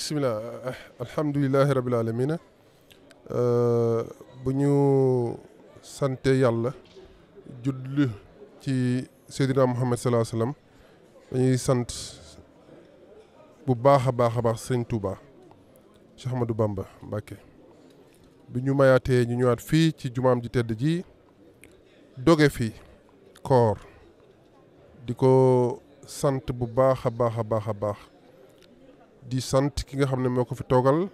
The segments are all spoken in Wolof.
bisimilah alhamdulilahi rabil alamina bu ñu sante yàlla julli ci seydina muhammad salaa sallam dañuy sant bu baax a baax a baax sëñ Touba Cheikh Ahmadou Bamba Mbàkke bu ñu mayaatee ñu ñëwaat fii ci jumaam ji tedd ji doge fii koor di ko sant bu baax a baax a baax a baax di sant ki nga xam ne moo ko fi toogal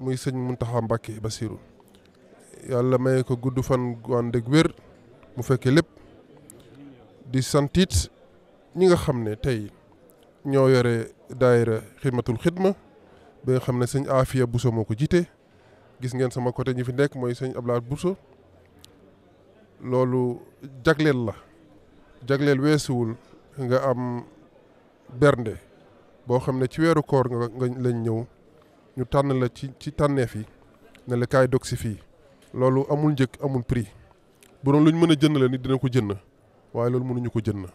muy sëñ Mountakha Mbacké Bassirou yàlla may ko gudd fan gu ànd wér mu fekkee lépp di santit ñi nga xam ne tey ñoo yore daayira xidmatul xidma bi nga xam ne sëñ Afia Bousso moo ko jiite gis ngeen sama côté ñi fi nekk mooy sëñ Ablaye Bousso loolu jagleel la jagleel weesuwul nga am bernde boo xam ne ci weeru koor nga lañ ñëw ñu tànn la ci ci tànneef yi ne la kaay dog si fii loolu amul njëkk amul prix bu doon lu ñu mën a jënd la nit dina ko jënd waaye loolu mënuñu ko jënd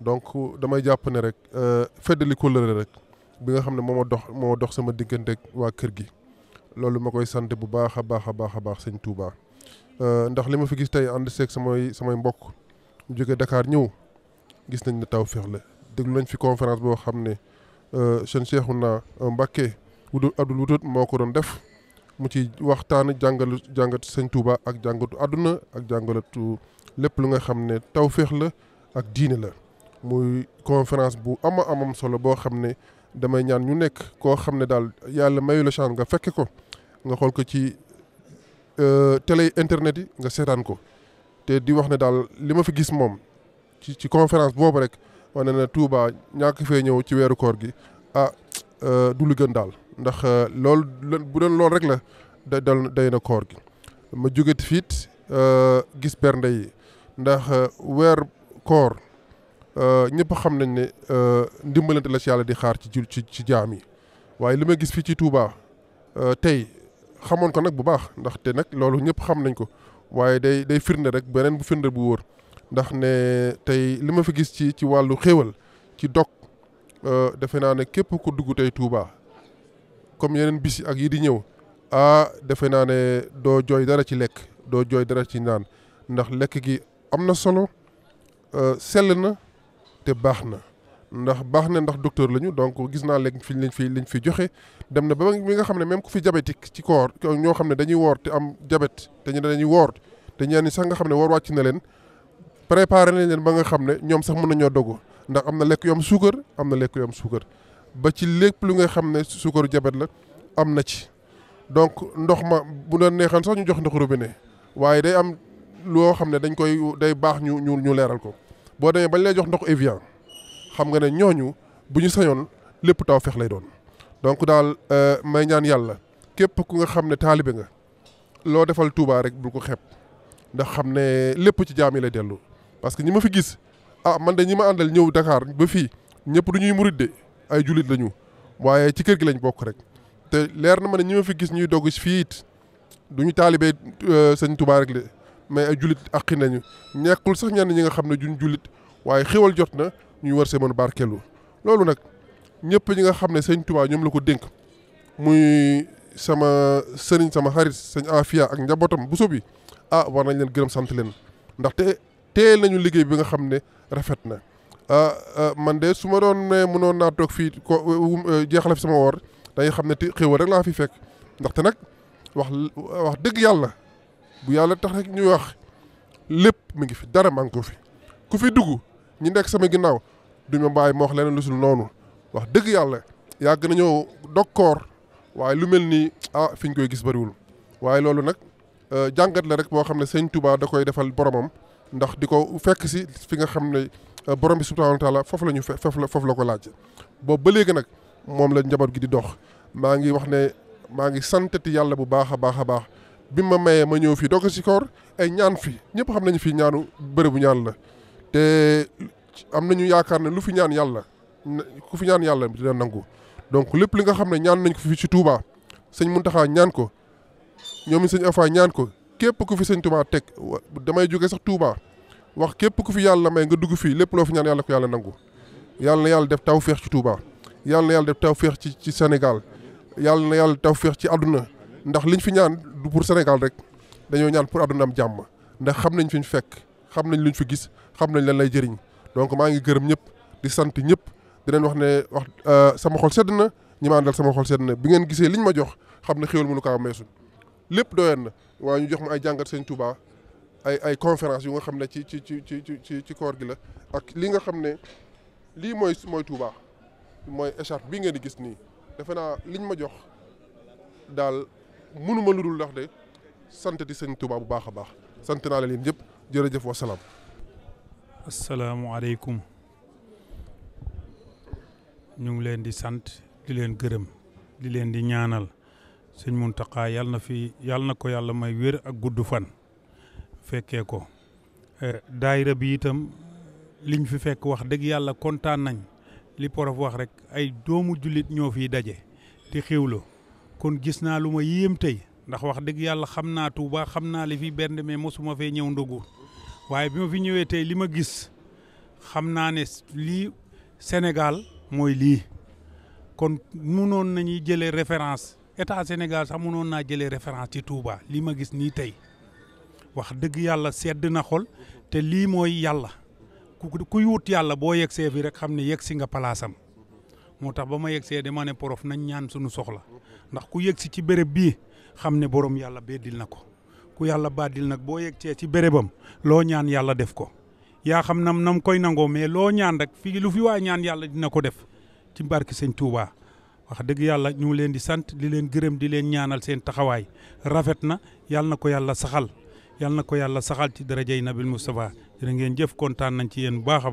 donc damay jàpp ne rek euh, feddali kóllëre rek bi nga xam ne moo dox moo dox sama diggante waa kër gi loolu ma koy sante bu baax a baax a baax a baax sëñ Touba euh, ndax li ma fi gis tey ànd seeg samay samay mbokk ñu jóge Dakar ñëw gis nañ ne taw féex la déglu nañ fi conférence boo xam ne Eh, seen Cheikhouna eh, Mbacké wudul adul wutut moo ko doon def mu ci waxtaan jàngalu jàngat sëñ Touba ak jàngatu àdduna ak jàngalatu lépp lu nga xam ne tawféex la ak diine la muy conférence bu ama amam solo boo xam ne damay ñaan ñu nekk koo xam ne daal yàlla mayu la chance nga fekke ko nga xool ko ci eh, télé internet yi nga seetaan ko te di wax ne daal li ma fi gis moom ci ci conférence boobu rek wane na Touba ñàkk fee ñëw ci weeru koor gi ah euh, du lu gën daal ndax euh, loolu bu doon lool rek la da dal day na koor gi ma jóge fiit euh, gis bernde yi ndax weer koor ñëpp xam nañ ne ndimbalante la ci yàlla di xaar ci ci ci jaam yi waaye li ma gis fii ci Touba tey xamoon ko nag bu baax ndaxte nag loolu ñëpp xam nañ ko waaye day day firnde rek beneen bu firnde bu wóor ndax ne tey li ma fi gis ci ci wàllu xéewal ci dog euh, defe naa ne képp ku dugg tey Touba comme yeneen bisi ak yi di ñëw ah defe naa ne doo jooy dara ci lekk doo jooy dara ci naan ndax lekk gi am na solo euh, sell na te baax na ndax baax na ndax docteur lañu donc gis naa lekk fi lañ fi liñ fi joxe dem na ba mi nga xam ne même ku fi diabétique ci koor ñoo xam ne dañuy woor te am diabète te ñu dañuy woor te ñenn sax nga xam ne woor wàcc na leen. préparé nañ leen ba nga xam ne ñoom sax mën nañoo dogu ndax am na lekk yu suukar am na lekk yoom suukar ba ci lépp lu ngay xam ne suukaru jabet la am na ci donc ndox ma bu doon neexoon sox ñu jox ndox robinet waaye day am loo xam ne dañ koy day baax ñu ñu ñu leeral ko boo demee bañ lay jox ndox Evian xam nga ne ñooñu bu ñu sañoon lépp taw fex lay doon donc daal euh, may ñaan yàlla képp ku nga xam ne taalibe nga loo defal tuubaa rek bu ko xep ndax xam ne lépp ci jaam yi lay dellu parce que ñi ma fi gis ah man de ñi ma àndal ñëw Dakar ba fii ñëpp du ñuy murit de ay jullit lañu waaye ci kër gi lañ bokk rek te leer na ma ne ñi ma fi gis ñuy dogg fii it du ñu taalibee euh, sëñ Tuubaa rek de mais ay jullit aqi nañu nekkul sax ñenn ñi nga xam ne duñ jullit waaye xéwal jot na ñuy war see baar barkeelu loolu nag ñëpp ñi nga xam ne sëñ Tuubaa ñoom la ko dénk muy sama sëriñ sama xarit sëñ Afia ak njabootam bu sobi a ah, war nañ leen gërëm sant leen téye nañu liggéey bi nga xam ne rafet na ah, ah, man de su ma doon ne mënoon naa toog fii ko eh, jeexale fi sama woor day xam ne ti xéwal rek laa fi fekk ndaxte nag wax wax dëgg yàlla bu yàlla tax rek ñuy wax lépp mu ngi fi dara maa fi ku fi dugg ñu nekk sama ginnaaw du ma bàyyi ma wax leneen lu sul noonu wax dëgg yàlla yàgg nañoo dog koor waaye lu mel nii ah fi ñu koy gis bariwul waaye loolu nag eh, jàngat la rek boo xam ne sëñ tubaa da koy defal boromam. ndax di ko fekk si fi nga xam ne euh, borom bi subhanahu wa taala foofu la ñu fe foofu la foofu la ko laaj boobu ba léegi nag moom la njaboot gi di dox maa ngi wax ne maa ngi ti yàlla bu baax a baax a baax bi ma mayee ma ñëw fii doog si koor ay ñaan fii ñëpp xam nañu fii ñaanu bërëbu ñaan la te am nañu yaakaar ne lu fi ñaan yàlla ku fi ñaan yàlla dina nangu donc lépp li nga xam ne ñaan nañ ko fi ci Touba sëñ Mountakha ñaan ko ñoom sëñ Afa ñaan ko. képp ku fi sëñ Touba teg damay jóge sax tuubaa wax képp ku fi yàlla may nga dugg fii lépp loo fi ñaan yàlla ko yàlla nangu yàlla yàlla def taw feex ci Touba yàlla na yàlla def taw feex ci ci Sénégal yàlla na yàlla taw feex ci àdduna ndax liñ fi ñaan du pour Sénégal rek dañoo ñaan pour àdduna jàmm ndax xam nañ fi ñu fekk xam nañ luñ fi gis xam nañ lan lay jëriñ donc maa ngi gërëm ñëpp di sant ñëpp di leen wax ne wax euh, sama xol sedd na ñi ma àndal sama xol sedd bi ngeen gisee liñ ma jox xam ne xéwal mënu ko am meesu lépp doyoon na waaye ñu jox ma ay jàngat sëñ Touba ay ay conférence yu nga xam ne ci ci ci ci ci ci koor gi la ak li nga xam ne lii mooy mooy Touba mooy écharpe bi ngeen di gis nii defe naa liñ ma jox daal mënuma lu dul ndax de di sëñ Touba bu baax a baax sant naa la leen yëpp jërëjëf wa salaam. asalaamualeykum ñu ngi leen di sant di leen gërëm di leen di ñaanal. sëñ Muntaxa yàlla na fi yàlla na ko yàlla may wér ak gudd fan fekkee ko eh, daayira bi itam liñ fi fekk wax dëgg yàlla kontaan nañ li porof wax rek ay doomu jullit ñoo fiy daje di xiwlu kon gis naa lu ma yéem tey ndax wax dëgg yàlla xam naa Tuuba xam naa li fi benn mais mosuma fe ñëw ndogu waaye bi ma fi ñëwee tey li ma gis xam naa ne lii Sénégal mooy lii kon noon nañuy jëlee référence état Sénégal sax mënoon naa jëlee référence ci Touba li ma gis nii tey wax dëgg yàlla sedd na xol te lii mooy yàlla ku kuy wut yàlla boo yegg see fi rek xam ne yegg si nga palaasam moo tax ma yegg see dama ne prof nañ ñaan suñu soxla ndax ku yegg si ci béréb bii xam ne borom yàlla beddil na ko ku yàlla baddil nag boo yegg see ci bérébam loo ñaan yàlla def ko yaa xam nam nam koy nangoo mais loo ñaan rek fii lu fi waay ñaan yàlla dina ko def ci barke sëñ Touba. wax dëgg yàlla ñu ngi leen di sant di leen gërëm di leen ñaanal seen taxawaay rafet na yàlla na ko yàlla saxal yàlla na ko yàlla saxal ci darajay nabil Moustapha jërë ngeen jëf kontaan nañ ci yéen a